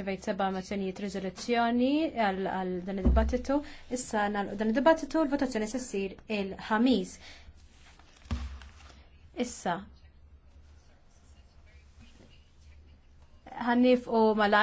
ċivejt seba mozzjonijiet riżoluzzjoni għal dan id-dibattitu. Issa għal dan id-dibattitu l-votazzjoni s-sir il-ħamis. Issa. Għannif u malaj.